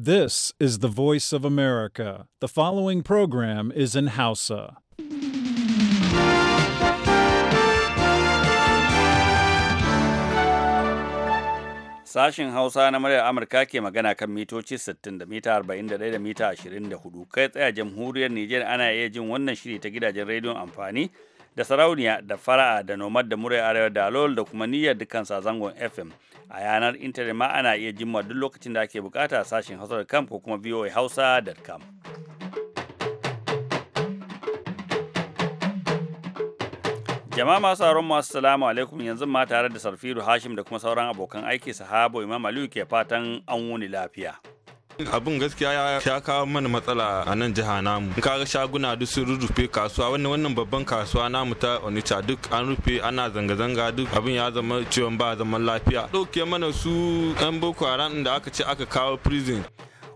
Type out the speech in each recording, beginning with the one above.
This is the voice of America. The following program is in Hausa. Sashin Hausa na muryar Amurka ke magana kan mitoci 60 da mita 41 da mita 24 kai tsaye jamhuriyar Nijar ana iya jin wannan shiri ta gidajen rediyon amfani da sarauniya da fara'a da nomad da murai arewa da alol da kuma niyyar dukkan zangon fm a yanar intanet ma ana iya jimma duk lokacin da ake bukata sashen hausa.com ko kuma Hausa da voahausa.com jama'a masu sauraron masu salamu alaikum yanzu ma tare da sarfiru hashim da kuma sauran abokan aiki sahabo imam aliyu ke fatan an wuni lafiya abun gaskiya ya kawo mana matsala a nan jiha namu in kaga shaguna duk sun rurrufe kasuwa wani wannan babban kasuwa namu ta onitsha duk an rufe ana zanga-zanga duk abin ya zama ciwon ba zaman lafiya ɗauke mana su 'yan boko haram da aka ce aka kawo prison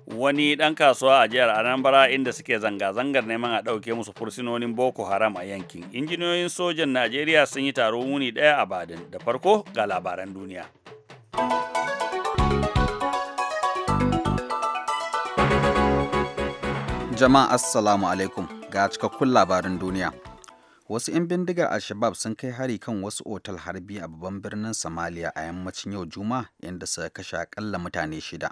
wani dan kasuwa a jihar anambra inda suke zanga-zangar neman a dauke musu fursunonin boko haram a yankin injiniyoyin sojan najeriya sun yi taro wuni daya a badin da farko ga labaran duniya Jama'a Assalamu alaikum ga cikakkun labarin duniya. Wasu 'yan bindigar Al-Shabab sun kai hari kan wasu otal harbi a babban birnin Somalia a yammacin yau Juma inda suka kashe akalla mutane shida.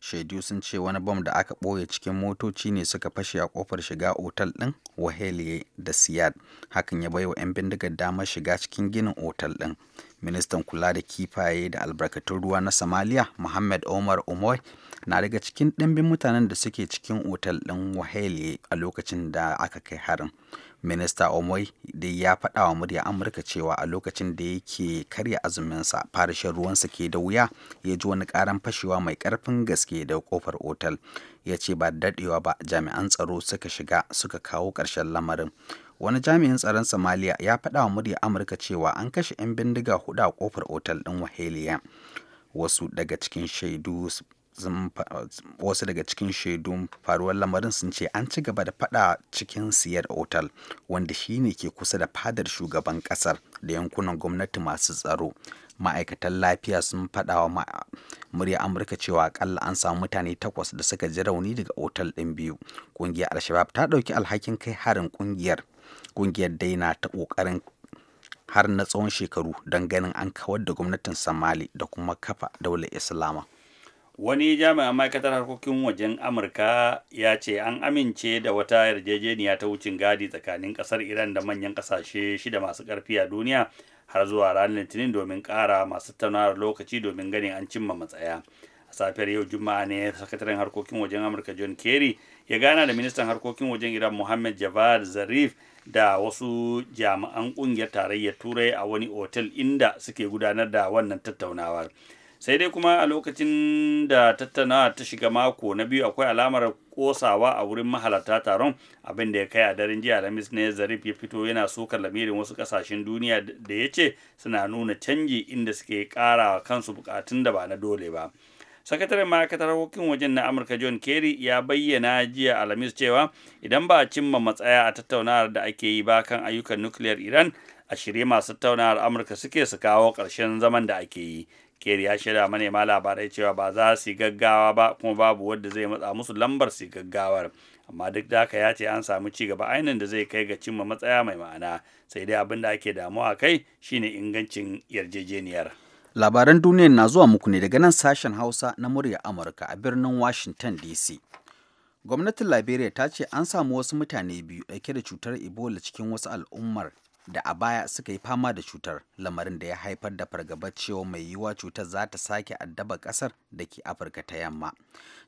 Shaidu sun ce wani bom da aka ɓoye cikin motoci ne suka fashe a kofar shiga otal ɗin Waheliye da Siyad. Hakan ya baiwa 'yan bindigar damar shiga cikin ginin otal ɗin. Ministan kula da kifaye da albarkatun ruwa na Somalia, Muhammad Omar Umar, na daga cikin ɗimbin mutanen da suke cikin otal ɗin wahele a lokacin da aka kai harin minista omoi dai ya faɗa wa murya amurka cewa a lokacin da yake karya azuminsa farashin ruwansa ke da wuya ya ji wani ƙaran fashewa mai ƙarfin gaske da ƙofar otal ya ce ba daɗewa ba jami'an tsaro suka shiga suka kawo ƙarshen lamarin wani jami'in tsaron somaliya ya faɗa wa murya amurka cewa an kashe 'yan bindiga hudu a ƙofar otal ɗin waheliya wasu daga cikin shaidu wasu daga cikin shaidun faruwar lamarin sun ce an ci gaba da fada cikin siyar otal wanda shi ne ke kusa da fadar shugaban kasar da yankunan gwamnati masu tsaro ma'aikatan lafiya sun fada wa murya amurka cewa akalla an samu mutane takwas da suka ji rauni daga otal ɗin biyu ƙungiyar alshabab ta ɗauki alhakin kai harin ƙungiyar ƙungiyar daina ta ƙoƙarin har na tsawon shekaru don ganin an kawar da gwamnatin somali da kuma kafa daular islama wani jami'an ma'aikatar harkokin wajen amurka ya ce an amince da wata yarjejeniya ta wucin gadi tsakanin kasar iran da manyan kasashe shida masu karfi a duniya har zuwa ranar litinin domin kara masu tattaunawar lokaci domin ganin an cimma matsaya a safiyar yau juma'a ne sakataren harkokin wajen amurka john kerry ya gana da ministan harkokin wajen iran mohammed javad zarif da wasu jami'an ƙungiyar tarayyar turai a wani otel inda suke gudanar da wannan tattaunawar sai dai kuma a lokacin da tattaunawa ta shiga mako na biyu akwai alamar kosawa a wurin mahalarta taron abin da ya kai a daren jiya alhamis ne zarif ya fito yana sokar lamirin wasu kasashen duniya da ya ce suna nuna canji inda suke kara kansu bukatun da ba na dole ba sakataren ma'aikatar harkokin wajen na amurka john kerry ya bayyana jiya alhamis cewa idan ba a cimma matsaya a tattaunawar da ake yi ba kan ayyukan nukiliyar iran a shirye masu tattaunawar amurka suke su kawo karshen zaman da ake yi Kerr ya shirya manema labarai cewa ba za su yi gaggawa ba kuma babu wadda zai matsa musu lambar su gaggawar. Amma duk da haka ya ce an samu ci gaba ainihin da zai kai ga cimma matsaya mai ma'ana sai dai abin da ake damuwa kai shine ingancin yarjejeniyar. Labaran duniyar na zuwa muku ne daga nan sashen Hausa na murya Amurka a birnin Washington DC. Gwamnatin Liberia ta ce an samu wasu mutane biyu ɗauke da cutar Ebola cikin wasu al'ummar da a baya suka yi fama da cutar lamarin da ya haifar da fargabar cewa mai yiwuwa cutar za ta sake addaba kasar da ke afirka ta yamma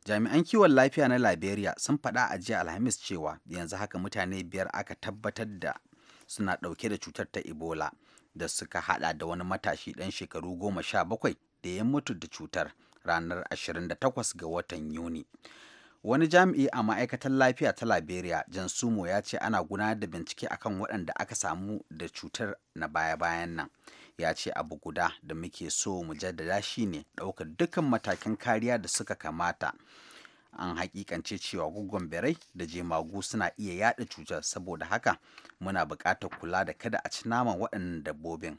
jami'an kiwon lafiya na liberia sun faɗa a jiya alhamis cewa yanzu haka mutane biyar aka tabbatar da suna ɗauke da cutar ta ebola da suka haɗa da wani matashi ɗan shekaru goma sha bakwai da ya mutu da cutar ranar 28 ga watan yuni wani jami'i a ma'aikatar lafiya ta liberia jan sumo ya ce ana gudanar da bincike akan waɗanda aka samu da cutar na baya-bayan nan ya ce abu guda da muke so mu jaddada shine ɗaukar dukkan matakin kariya da suka kamata an hakikance cewa gugun birai da jemagu suna iya yada cutar saboda haka muna buƙatar kula da kada a ci naman waɗannan dabbobin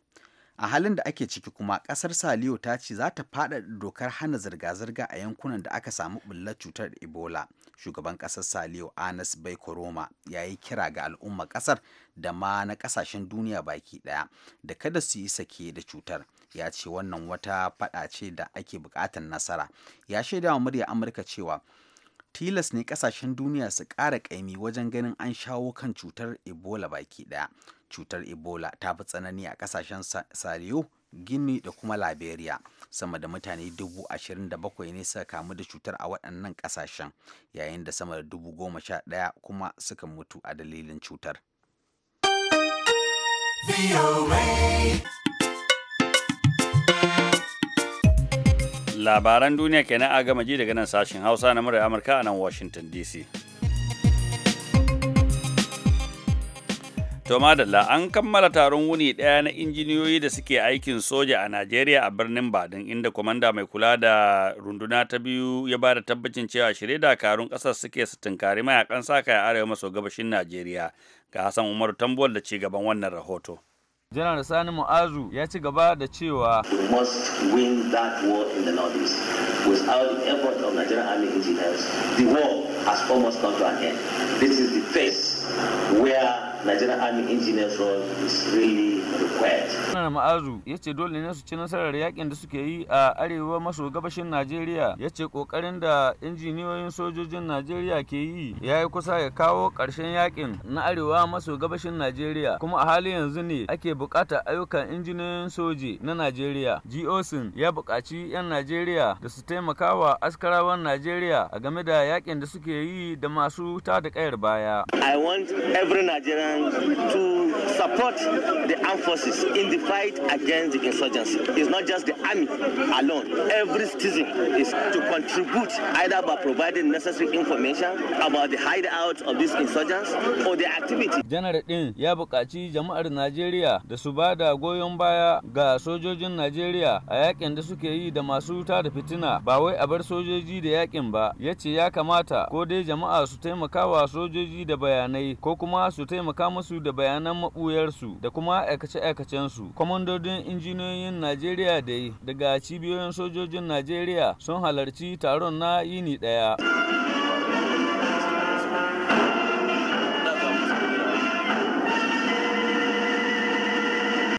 a halin da ake ciki kuma kasar saliyo ta ce za ta faɗaɗa dokar hana zirga-zirga a yankunan da aka samu bullar cutar ebola shugaban kasar saliyo anas bai koroma ya yi kira ga al'umma kasar da ma na kasashen duniya baki ɗaya da kada su yi sake da cutar ya ce wannan wata faɗa ce da ake buƙatar nasara ya shaida wa murya amurka cewa tilas ne kasashen duniya su ƙara ƙaimi wajen ganin an shawo kan cutar ebola baki ɗaya cutar ebola ta fi tsanani a kasashen saliyo gini da kuma liberia sama da mutane dubu ashirin da bakwai ne suka kamu da cutar a waɗannan kasashen yayin da sama da dubu goma sha ɗaya kuma suka mutu a dalilin cutar labaran duniya kenan a gama ji daga nan sashen hausa na murar amurka a nan washington dc To madalla an kammala taron wuni ɗaya na injiniyoyi da suke aikin soja a Najeriya a birnin Badin inda kwamanda mai kula da runduna ta biyu ya ba da tabbacin cewa shirye dakarun ƙasar suke su tunkari mayakan saka a arewa maso gabashin Najeriya ga Hassan umar Tambuwal da ci gaban wannan rahoto. janar sani mu'azu ya ci gaba da cewa This is the where Nigerian Army Engineers Road is really required. Janar Ma'azu ya ce dole ne su ci nasarar yakin da suke yi a arewa maso gabashin Najeriya ya ce kokarin da injiniyoyin sojojin Najeriya ke yi ya yi kusa ya kawo ƙarshen yakin na arewa maso gabashin Najeriya kuma a halin yanzu ne ake buƙatar ayyukan injiniyoyin soji na Najeriya. GOSIN ya buƙaci 'yan Najeriya da su taimaka wa askarawan Najeriya a game da yakin da suke yi da masu ta da kayar baya. I want every Nigerian and um, to support the armed forces in the fight against the insurgency. It's not just the army alone. Every citizen is to contribute either by providing necessary information about the hideout of these insurgents or their activity. Janar din ya buƙaci jama'ar Najeriya da su ba da goyon baya ga sojojin Najeriya a yakin da suke yi da masu da fitina ba wai a bar sojoji da yakin ba ya ce ya kamata ko dai jama'a su taimakawa sojoji da bayanai ko kuma su taimaka taimaka musu da bayanan maɓuyarsu da kuma aikace-aikacensu. Kwamandodin injiniyoyin Najeriya da yi daga cibiyoyin sojojin Najeriya sun halarci taron na yini ɗaya.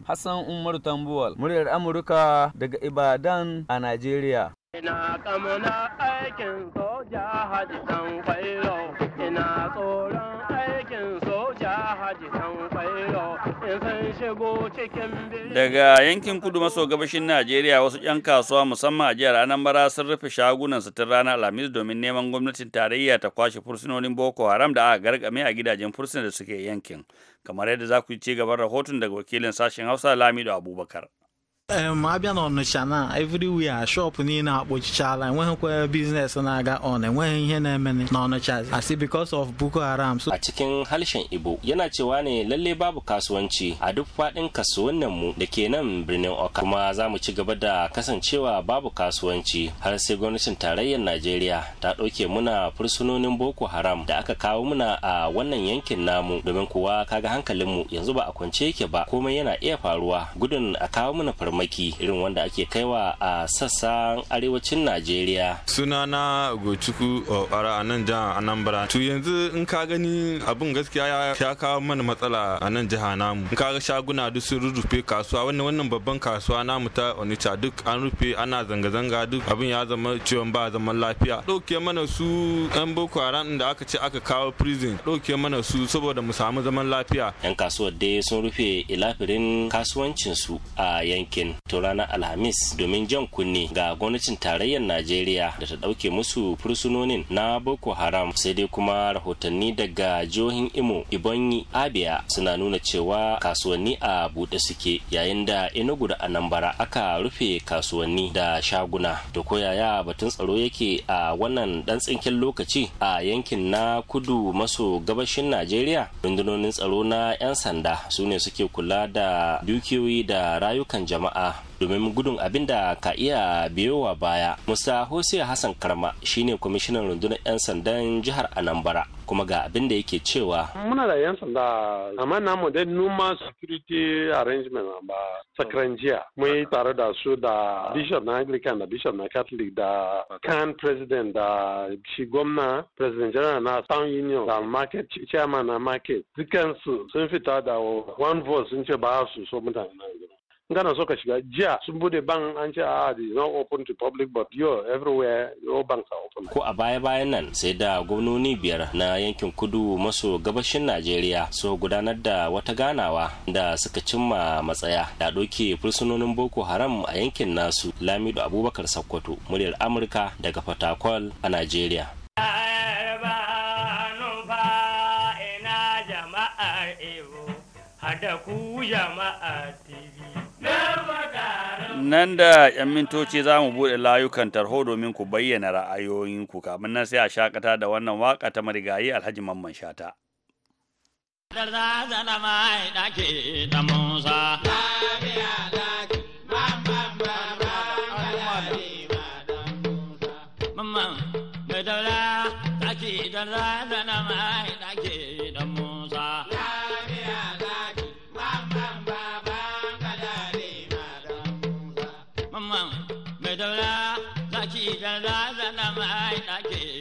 Hassan Umar Tambuwal, muryar Amurka daga Ibadan a Najeriya. Ina kamuna aikin soja hajji ɗan kwairo, ina tsoro. Daga yankin kudu maso gabashin Najeriya wasu 'yan kasuwa musamman a jihar Anambra sun rufe shagunan su tun rana Alhamis domin neman gwamnatin tarayya ta kwashe fursunonin Boko Haram da aka gargame a gidajen fursunan da suke yankin. Kamar yadda za ku ci gaban rahoton daga wakilin sashen Hausa Lamido Abubakar. um, abịa n'ọnịcha na everywhere shop niile akpọchichala enweghịkwa biznes na-aga on enweghị ihe na-eme n'ọnịcha asị because of boko haram so a cikin harshen igbo yana cewa ne lalle babu kasuwanci a duk faɗin kasuwannin mu da ke nan birnin oka kuma za mu ci gaba da kasancewa babu kasuwanci har sai gwamnatin tarayyar najeriya ta ɗauke muna fursunonin boko haram da aka kawo muna a wannan yankin namu domin kuwa kaga hankalinmu yanzu ba a kwance yake ba komai yana iya faruwa gudun a kawo muna farmaki farmaki irin wanda ake kaiwa a sassan arewacin najeriya sunana gocuku a nan jihar anambra to yanzu in ka gani abin gaskiya ya kawo mana matsala a nan jiha namu in ka ga shaguna duk sun rufe kasuwa wannan wannan babban kasuwa namu ta onitsha duk an rufe ana zanga-zanga duk abin ya zama ciwon ba zaman lafiya ɗauke mana su yan boko haram da aka ce aka kawo prison ɗauke mana su saboda mu samu zaman lafiya yan kasuwar dai sun rufe ilafirin kasuwancinsu a yankin Benin to ranar Alhamis domin jan kunne ga gwamnatin tarayyar Najeriya da ta ɗauke musu fursunonin na Boko Haram sai dai kuma rahotanni daga jihohin Imo, Ibonyi, Abia suna nuna cewa kasuwanni a buɗe suke yayin da Enugu da Anambra aka rufe kasuwanni da shaguna. To ko yaya batun tsaro yake a wannan ɗan tsinken lokaci a yankin na kudu maso gabashin Najeriya? Rundunonin tsaro na 'yan sanda sune suke kula da dukiyoyi da rayukan jama'a jama'a domin gudun abin da ka iya biyowa baya musa hosiya hassan karma shine kwamishinan rundunar 'yan sandan jihar Anambara. kuma ga abin da yake cewa muna da 'yan sanda amma na mu numa security arrangement ba sakran jiya mun yi tare da su da bishop na anglican da bishop na catholic da kan president da shi gwamna president general na town union da market chairman na market dukansu sun fita da one vote sun ce ba su so mutane na kana so ka shiga jiya sun bude bank an ce a ah, di not open to public but you everywhere your banks are open ko a baya bayan nan sai da gwamnoni biyar na yankin kudu maso gabashin najeriya su gudanar da wata ganawa da suka cimma matsaya da doke fursunonin boko haram a yankin nasu lamido abubakar sakkwato muryar amurka daga fatakwal a najeriya Ada ku jama'a tv nan da 'yan mintoci za mu buɗe layukan tarho domin ku bayyana ra'ayoyinku kafin nan sai a shakata da wannan waka ta marigayi alhaji mamman shata. Da again.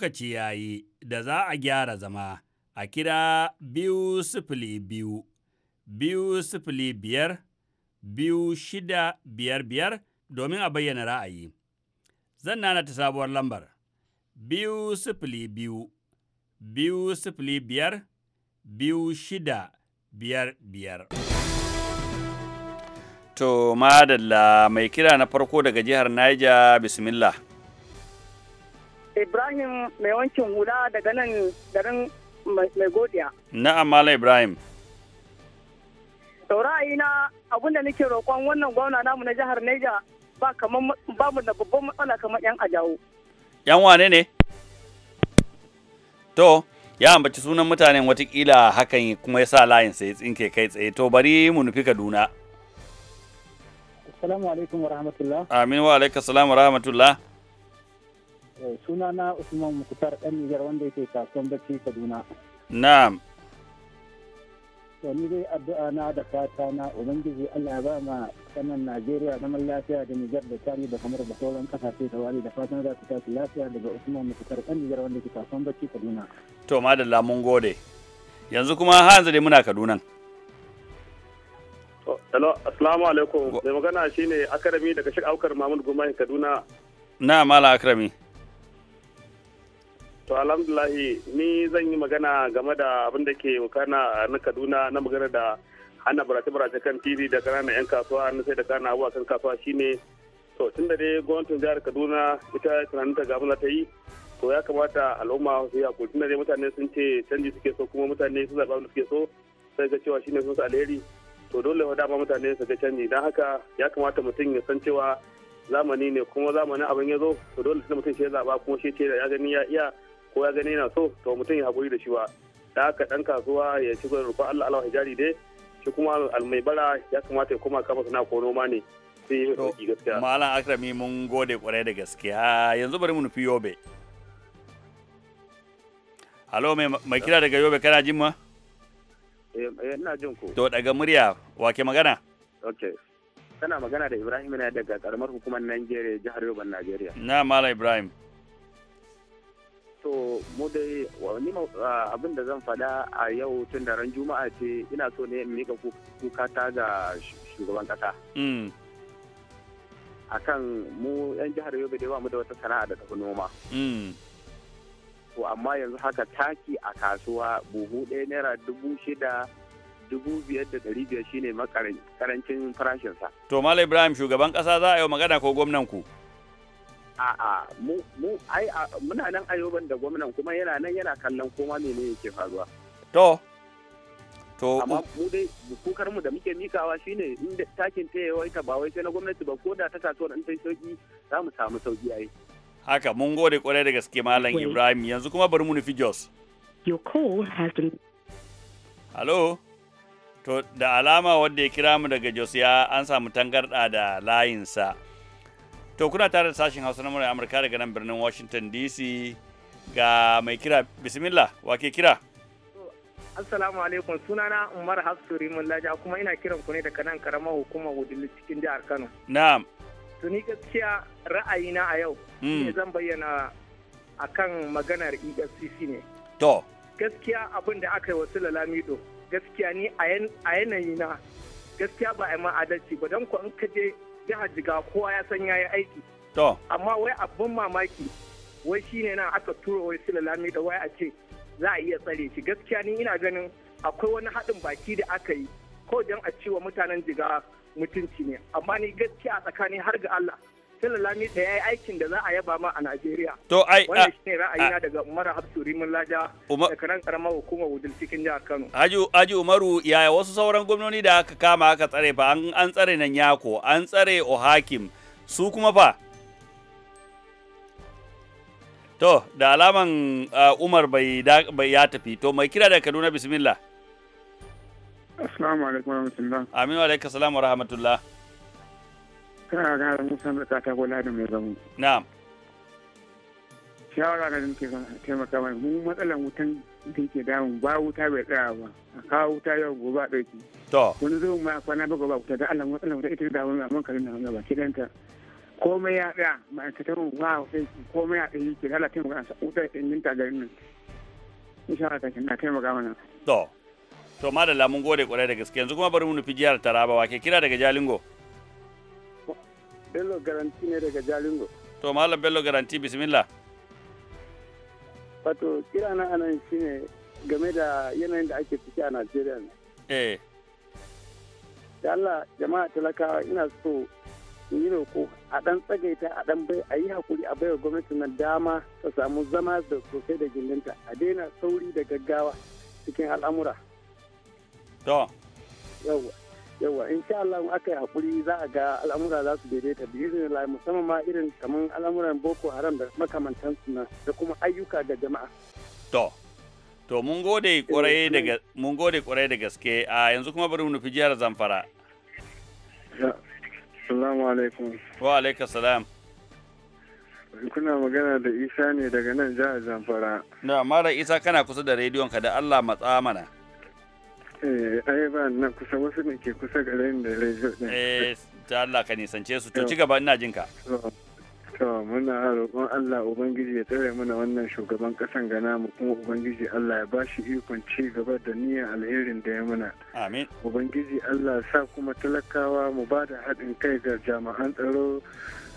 lokaci ya yi da za a gyara zama a kira biyu sifili biyu, biyu sifili biyar, biyu shida biyar biyar domin a bayyana ra'ayi. Zan nana ta sabuwar lambar, biyu sifili biyu, biyu sifili biyar, biyu shida biyar biyar. To, madalla mai kira na farko daga jihar Niger, bismillah. Ibrahim mai wankin hula daga nan garin mai godiya. Na'am Malam Ibrahim. Saurayi na abin da nake roƙon wannan gwamna namu na jihar Neja ba kamar ba mu da babban matsala kamar yan ajawo. Yan wane ne? To, ya ambaci sunan mutanen watakila hakan kuma ya sa layin sai tsinke kai tsaye to bari mu nufi Kaduna. Assalamu alaikum wa rahmatullah. Amin wa alaikum wa rahmatullah. Eh, Suna na usman mukutar dan nijar wanda yake kasuwan bacci kaduna na'am to ni dai addu'a na da fata na ubangiji Allah ya ba ma kanan Najeriya zaman lafiya da Nijar da Tari da kamar da sauran kasashe da wani da fatan za su tashi lafiya daga Usman Mukhtar dan Nijar wanda ke kasuwan bacci Kaduna to madalla mun gode yanzu kuma har yanzu dai muna Kaduna to hello assalamu alaikum mai magana shine Akarami daga Sheikh Aukar Mahmud Gumayin Kaduna na mala Akarami to alhamdulahi ni zan yi magana game da abin da ke wakana na kaduna na magana da hana barace-barace kan tv da kananan 'yan kasuwa na sai da kana abuwa kan kasuwa shine to tun da dai gwamnatin jihar kaduna ita tunanin ta gabana ta yi to ya kamata al'umma su yi hakuri tun da dai mutane sun ce canji suke so kuma mutane su zaɓa suke so sai ga cewa shine sun alheri to dole wa dama mutane su ga canji don haka ya kamata mutum ya san cewa zamani ne kuma zamanin abin ya zo to dole sai mutum shi ya zaɓa kuma shi ce da ya gani ya iya ko ya gani yana so to mutum ya haƙuri da shi ba da haka ɗan kasuwa ya ci da rufa Allah Allah hijari dai shi kuma almai bara ya kamata ya koma kafa suna ko noma ne sai ya yi gaskiya. Malam Akrami mun gode kwarai da gaskiya yanzu bari mu nufi Yobe. Halo mai kira daga Yobe kana jin ma? Eh, eh, ina jin ku. To daga murya wake magana? ok Kana magana da Ibrahim ne daga karamar hukumar Najeriya jihar yoruba Najeriya. Na Malam Ibrahim. to mu dai wani abin da zan faɗa a yau tun da ran juma'a ce ina so ne in mika kuka ta ga shugaban ƙasa. Mm. akan mu 'yan jihar yobe da ba mu da wata sana'a da tafi noma. Mm. To amma yanzu haka taki a kasuwa buhu ɗaya naira dubu shida dubu biyar da ɗari biyar shine makarancin farashinsa. To Malam Ibrahim shugaban ƙasa za a yi magana ko gwamnan ku? a'a mu ai muna nan ayoban da gwamnan kuma yana nan yana kallon koma ne yake faruwa to to amma mu dai kukar mu da muke mikawa shine inda takin ta ta ba wai sai na gwamnati ba ko da ta kasuwar in ta sauki za mu samu sauki ai haka mun gode kwarai da gaske malam Ibrahim yanzu kuma bari mu nufi Jos your call has been hello to da alama wanda ya kira mu daga Jos ya an samu tangarɗa da layinsa. sa to kuna tare da sashen hausa na amurka daga nan birnin washington dc ga mai kira bismillah wake kira assalamu alaikum sunana umar hafsu rimin laja kuma ina kiran ku ne daga nan karamar hukumar wudili cikin jihar kano na'am tuni gaskiya ra'ayina a yau hmm. ne zan bayyana akan maganar efcc ne to gaskiya abin da aka yi wasu lalamido gaskiya ni a yanayi na gaskiya ba a yi ma'adalci ba don ku in ka je jihar jiga kowa ya san yayi aiki to amma wai abin mamaki wai shi ne na aka turo wai silalami da wai a ce za a iya tsare shi gaskiya ni ina ganin akwai wani haɗin baki da aka yi ko don a ciwa mutanen jiga mutunci ne amma ni gaskiya a tsakani har ga Allah Sule Lami da ya yi aikin da za a yaba ma a Najeriya. To ai wannan shine ra'ayina daga Umar Abdu Rimin Laja da karan karamar hukumar Wudil cikin jihar Kano. Haji Haji Umaru yaya wasu sauran gwamnoni da aka kama aka tsare fa an tsare nan Yako an tsare Ohakim su kuma fa To, da alaman Umar bai ya tafi, to mai kira da Kaduna bismillah. Assalamu alaikum rahmatullah. Aminu alaikum wa rahmatullah. kana ga musan da katako ladin mai zamu na'am shawara ga nake taimaka mai mu matsalar wutan da ke damun ba wuta bai tsaya ba a kawo wuta yau gobe a ɗauki to wani zo ma kwana ba gobe wuta da Allah matsalar wuta ita da wani amma kalin nan ba ki danta komai ya tsaya ma'aikatar wa aiki komai ya tsaya yake lalata taimaka a wutar ɗin ta garin nan Shawara Allah ta na taimaka mana to to madalla mun gode kwarai da gaske yanzu kuma bari mu nufi jihar Taraba wake kira daga Jalingo Bello Garanti ne daga Jalingo. To Malam Bello Garanti bismillah. Wato kira na anan shine game da yanayin da ake ciki a Najeriya ne. Eh. Da Allah jama'a talakawa ina so in yi roko a dan tsagaita a dan bai a yi hakuri a baiwa gwamnati na dama ta samu zama da sosai da gindinta a daina sauri da gaggawa cikin al'amura. To. Yawwa. yawa insha Allah aka yi hakuri za a ga al'amura za su daidaita bi irin musamman ma irin kamar al'amuran boko haram da makamantan suna da kuma ayyuka ga jama'a to to mun gode kwarai eh, eh. da mun gode kwarai da gaske a yanzu kuma bari mu nufi jihar Zamfara Assalamu alaikum wa alaikum salam kuna magana da Isa ne daga nan jihar Zamfara na mara Isa kana kusa da rediyon ka da Allah matsa mana Eh, ai ba kusa wasu da ke kusa garin da rediyo ɗin. ta eh, Allah ka nisance su. To ci gaba ina jinka. To muna roƙon Allah Ubangiji ya tsare mana wannan shugaban ƙasan gana mu kuma Ubangiji Allah ya ba shi ikon ci gaba da niyyar alherin da ya muna. Amin. Ubangiji Allah sa kuma talakawa mu ba da haɗin kai ga jami'an tsaro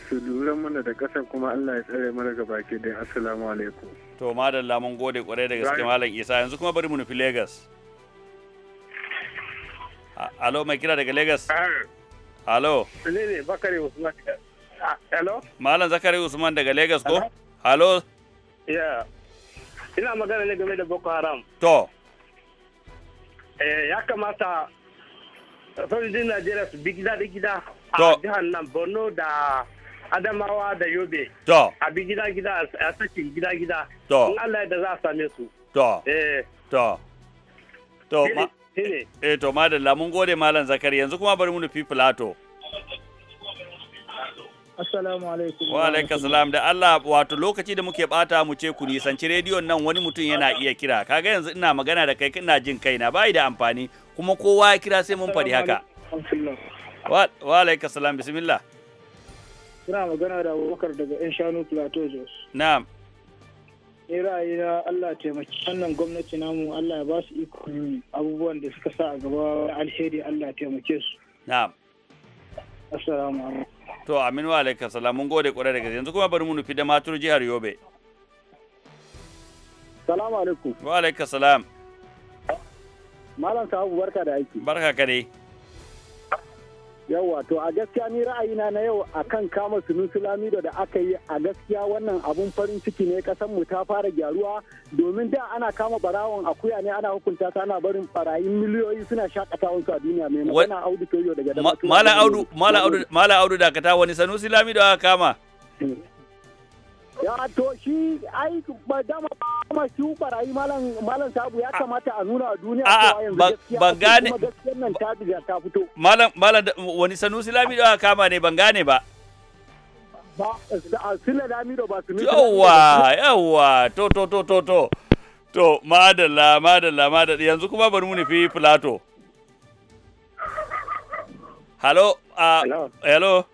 su lura mana da ƙasan kuma Allah ya tsare mana ga baki da assalamu alaikum. To madalla mun gode kwarai da gaske Malam Isa yanzu kuma bari mu nufi Lagos. Alo mai kira daga Legas. Alo. Ah. Ne ne Bakari Usman. Alo. Ah, Malam Zakari Usman daga Legas ko? Alo. Ya. Ina magana ne game da Boko Haram. To. Eh ya kamata sojojin Najeriya su bi gida da gida a jihar nan Borno da Adamawa da Yobe. To. A bi gida gida a saki gida gida. To. In Allah da za a same su. To. Eh. To. To. Eh, eh to madalla mun gode malam zakari yanzu kuma bari mu nufi Plato. Assalamu alaikum. Wa alaikum salam da Allah wato lokaci da muke bata mu ce ku nisanci rediyon nan wani mutum yana iya kira. Kaga yanzu ina magana da kai ina jin kaina bai da amfani kuma kowa ya kira sai mun faɗi haka. Wa alaikum salam bismillah. Ina magana da Abubakar daga 'yan shanu Plateau Jos. Na'am. ne ra'ayina Allah taimaki wannan gwamnati namu Allah ya ba su iko abubuwan da suka sa a gaba alheri Allah taimake su na'am assalamu alaikum to amin wa alaikum salam mun gode kwarai da gaske yanzu kuma bari mu nufi da matur jihar Yobe salamu alaikum wa alaikum salam malam sahabu barka da aiki barka ka dai yawa to a gaskiya ni ra'ayina na yau akan kama sunusu lamido da aka yi a gaskiya wannan abun farin ciki ne kasan mu ta fara gyaruwa domin da ana kama barawon akuya ne ana hukunta ta ana barin barayin miliyoyi suna shakatawa su a duniya mai magana audu daga da mala audu mala audu mala audu dakata wani lamido aka kama Ya to shi ai ba dama kuma su barayi malam malam sabu ya kamata a nuna a duniya ko yanzu gaskiya ban gane gaskiyar nan ta diga ta fito. Malam malam wani sanusi lami da kama ne ban gane ba. Ba sila lami da ba su ne. yawa yawwa to to to to to. To madalla madalla madalla yanzu kuma bari mu nufi Plato. Halo, uh, hello. hello.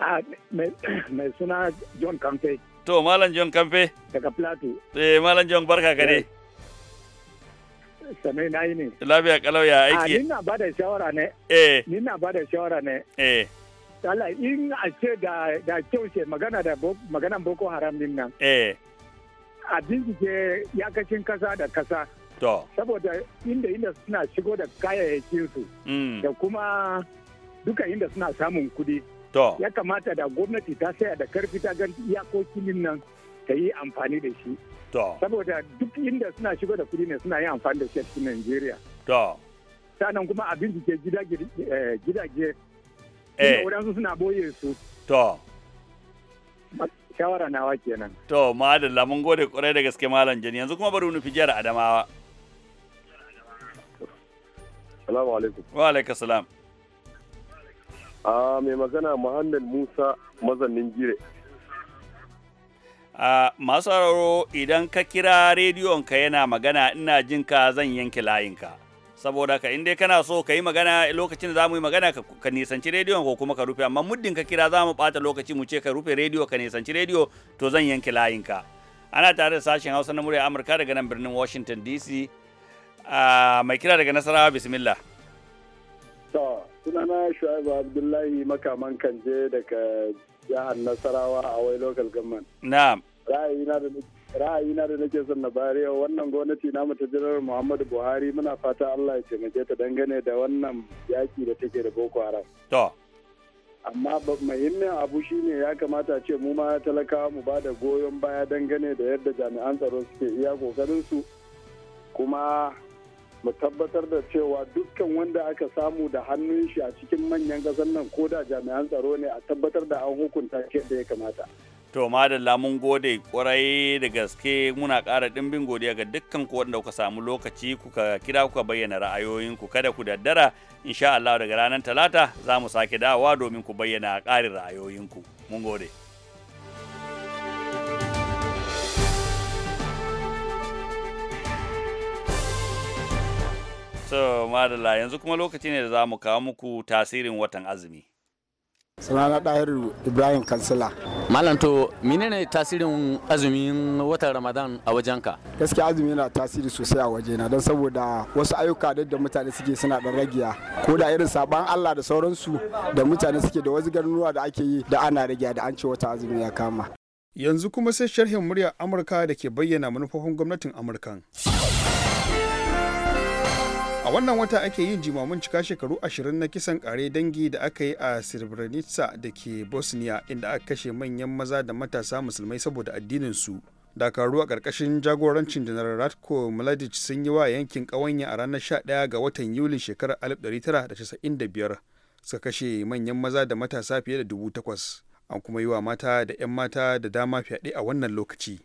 Ah, mai suna john kamfe to malam john kamfe daga plateau eh malam john barka ka dai sanai na yi ne lafiya kalau ya aiki ni na ba da shawara ne eh ni na ba da shawara ne eh Allah in a ce da da kyaushe magana da maganan boko haram din nan eh a bincike yakacin kasa da kasa saboda inda inda suna shigo da kayayyakinsu da kuma duka inda suna samun kudi ya kamata da gwamnati ta saya da karfi ta gan iyakokin nan ta yi amfani da shi saboda duk inda suna shigo da kudi ne suna yin amfani da shi a cikin Najeriya sannan kuma a ke eh, gidaje eh. wadansu suna boye su shawara nawa kenan to madalla mun gode kwarai da gaske malam jani yanzu kuma bari nufi jihar adamawa Salamu alaikum. Wa alaikum salam. a mai magana muhammad musa mazannin jire a masu sauraro idan ka kira rediyon ka yana magana ina jin ka zan yanke layinka saboda ka inda kana so ka yi magana lokacin da za mu yi magana ka nisanci rediyon ko kuma ka rufe amma muddin ka kira za mu bata lokaci mu ce ka rufe rediyo ka nisanci rediyo to zan yanke layinka ana tare da sashen hausa na murya amurka daga nan birnin washington dc mai kira daga nasarawa bismillah sunana shu'aibu abdullahi makaman kanje daga jihar nasarawa a wai local government na'am ra'ayina da nake son na bari yau wannan gwamnati namu ta jiran muhammadu buhari muna fata allah ya taimake ta dangane da wannan yaki da take da boko haram to amma muhimmin abu shine ya kamata ce mu ma talakawa mu ba da goyon baya dangane da yadda jami'an tsaro suke iya kokarin su kuma mu tabbatar da cewa dukkan wanda aka samu da hannun shi a cikin manyan ƙasar nan ko da jami'an tsaro ne a tabbatar da an hukunta shi da ya kamata. To madalla mun gode kwarai da gaske muna kara ɗimbin godiya ga dukkan ku wanda kuka samu lokaci kuka kira kuka bayyana ra'ayoyinku kada ku daddara insha Allah daga ranar talata za mu sake dawowa domin ku bayyana ƙarin ra'ayoyinku. Mun gode. So, madalla yanzu kuma lokaci ne da za mu kawo muku tasirin watan azumi. sunana ɗahiru ibrahim kansila malanto menene tasirin azumin watan ramadan a wajenka gaskiya azumi yana tasiri sosai a wajena don saboda wasu ayyuka da mutane suke suna da ragiya ko da irin saban allah da sauransu da mutane suke da wasu garnuwa da ake yi da ana ragiya da an ce wata azumi ya kama yanzu kuma sai sharhin muryar amurka da ke bayyana manufofin gwamnatin Amurka. a wannan wata ake yin jimamin cika shekaru 20 na kisan kare dangi da aka yi a srebrenica da ke bosnia inda aka kashe manyan maza da matasa musulmai saboda addininsu dakaru a karkashin jagorancin janar ratko mladic sun yi wa yankin kawanya a ranar 11 ga watan yulin shekarar 1995 suka kashe manyan maza da matasa fiye da dubu takwas an kuma yi wa mata da 'yan mata da dama fyaɗe a wannan lokaci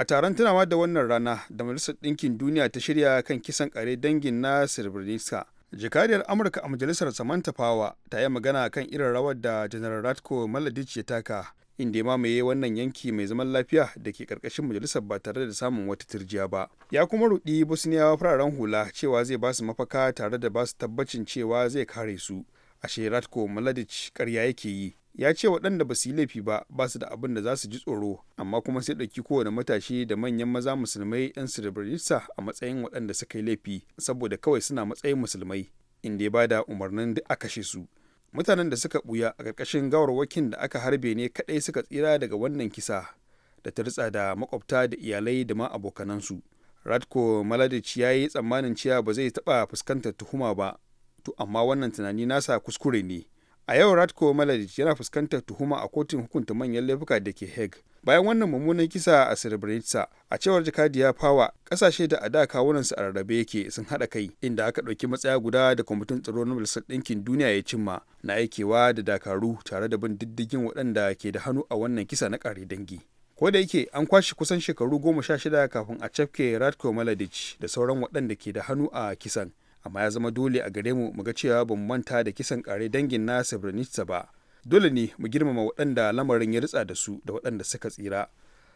a taron tunawa da wannan rana da majalisar ɗinkin duniya ta shirya kan kisan kare dangin na srebrenica jakadiyar amurka a majalisar samantha power ta yi magana kan irin rawar da janar ratko maladic ya taka inda ya mamaye wannan yanki mai zaman lafiya da ke karkashin majalisar ba tare da samun wata turjiya ba ya kuma rudi bosniyawa fararen hula cewa zai ba su mafaka tare da ba su tabbacin cewa zai kare su ashe ratko maladic karya yake yi ya ce waɗanda ba su yi laifi ba ba su da abin da za su ji tsoro amma kuma sai ɗauki kowane matashi da manyan maza musulmai 'yan sirbarista a matsayin waɗanda suka yi laifi saboda kawai suna matsayin musulmai inda ya bada umarnin da aka kashe su mutanen da suka buya a ƙarƙashin gawarwakin da aka harbe ne kaɗai suka tsira daga wannan kisa da ta ritsa da makwabta da iyalai da ma abokanansu radko maladic ya yi tsammanin cewa ba zai taɓa fuskantar tuhuma ba to amma wannan tunani nasa kuskure ne a yau ratko maladic yana fuskantar tuhuma a kotun hukunta manyan laifuka da ke hague bayan wannan mummunan kisa a srebrenica a cewar jakadiya fawa kasashe da ada kawunansu a rarrabe yake sun hada kai inda aka ɗauki matsaya guda da kwamitin tsaro na majalisar ɗinkin duniya ya cimma na aikewa da dakaru tare da bin diddigin waɗanda ke da hannu a wannan kisa na ƙare dangi ko da yake an kwashe kusan shekaru goma sha shida kafin a cafke ratko maladic da sauran waɗanda ke da hannu a kisan amma ya zama dole a gare mu muga cewa ba mu manta da kisan kare dangin na Srebrenica ba dole ne mu girmama waɗanda lamarin ya ritsa da su da waɗanda suka tsira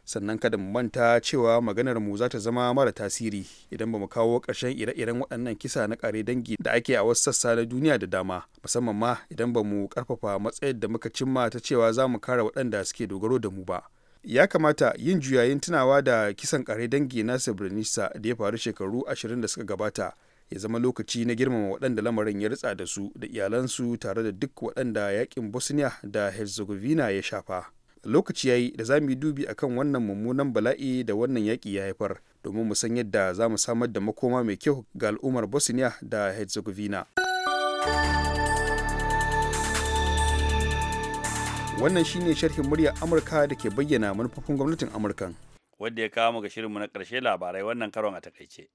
sannan kada mu manta cewa maganar mu za ta zama mara tasiri idan ba mu kawo ƙarshen ire-iren waɗannan kisa na kare dangi da ake a wasu sassa na duniya da dama musamman ma idan ba mu ƙarfafa matsayin da muka cimma ta cewa za mu kare waɗanda suke dogaro da mu ba ya kamata yin juyayin tunawa da kisan kare dangi na srebrenica da ya faru shekaru ashirin da suka gabata ya zama lokaci na girmama waɗanda lamarin ya ritsa da su da iyalansu tare da duk waɗanda yaƙin bosnia da herzegovina ya shafa lokaci ya yi da za mu yi dubi akan wannan mummunan bala'i da wannan yaƙi ya haifar domin mu san yadda za mu samar da makoma mai kyau ga al'ummar bosnia da herzegovina wannan shine sharhin murya amurka da ke bayyana manufofin gwamnatin amurkan wadda ya kawo mu ga shirinmu na ƙarshe labarai wannan karon a takaice.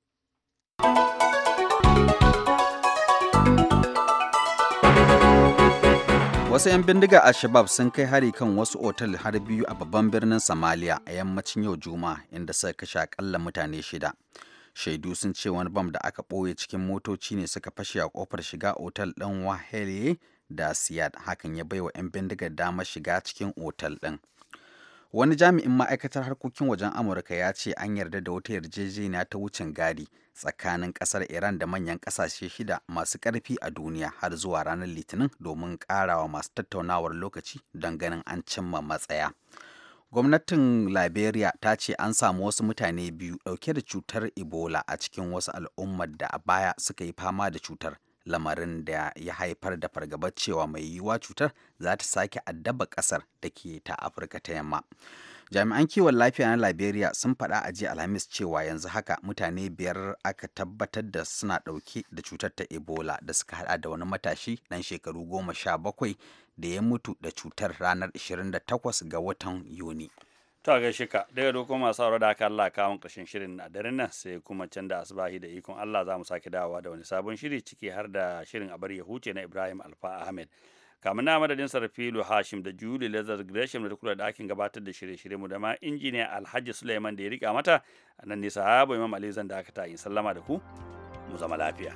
Wasu 'yan bindiga a Shabab sun kai hari kan wasu otal har biyu a babban birnin Somalia a yammacin yau Juma'a inda suka kashe akalla mutane shida. Shaidu sun ce wani bam da aka ɓoye cikin motoci ne suka fashe a kofar shiga otal ɗin Wahele da Siyad hakan ya baiwa 'yan bindigar damar shiga cikin otal ɗin. wani jami'in ma'aikatar harkokin wajen amurka ya ce an yarda da wata yarjejeniya ta wucin gadi tsakanin kasar iran da manyan kasashe shida masu karfi a duniya har zuwa ranar litinin domin karawa masu tattaunawar lokaci don ganin an cimma matsaya gwamnatin liberia ta ce an samu wasu mutane biyu dauke da cutar ebola a cikin wasu al'ummar da a baya suka yi fama da cutar lamarin da ya haifar da fargaba cewa mai yiwuwa cutar za ta sake addaba kasar da ke ta afirka ta yamma jami'an kiwon lafiya na liberia sun faɗa a jiya alhamis cewa yanzu haka mutane biyar aka tabbatar da suna ɗauke da cutar ta ebola da suka hada da wani matashi ɗan shekaru goma sha bakwai da ya mutu da cutar ranar 28 ga watan yuni ta gaishe ka daga dokon masu aure da aka Allah kawon ƙarshen shirin a daren nan sai kuma can da asubahi da ikon Allah za mu sake dawowa da wani sabon shiri ciki har da shirin a bari ya huce na Ibrahim Alfa Ahmed. kamar na madadin sarfilu hashim da juli lazar gresham da kula da ɗakin gabatar da shirye-shirye mu da ma injiniya alhaji suleiman da ya rika mata a nan nisa habu imam ali zan da aka ta in sallama da ku mu zama lafiya.